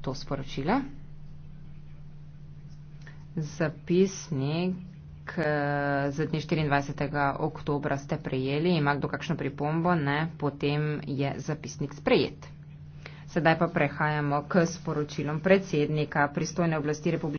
to sporočilo. Zapisnik eh, z dne 24. oktobra ste prejeli, ima kdo kakšno pripombo, ne, potem je zapisnik sprejet. Sedaj pa prehajamo k sporočilom predsednika pristojne oblasti Republike.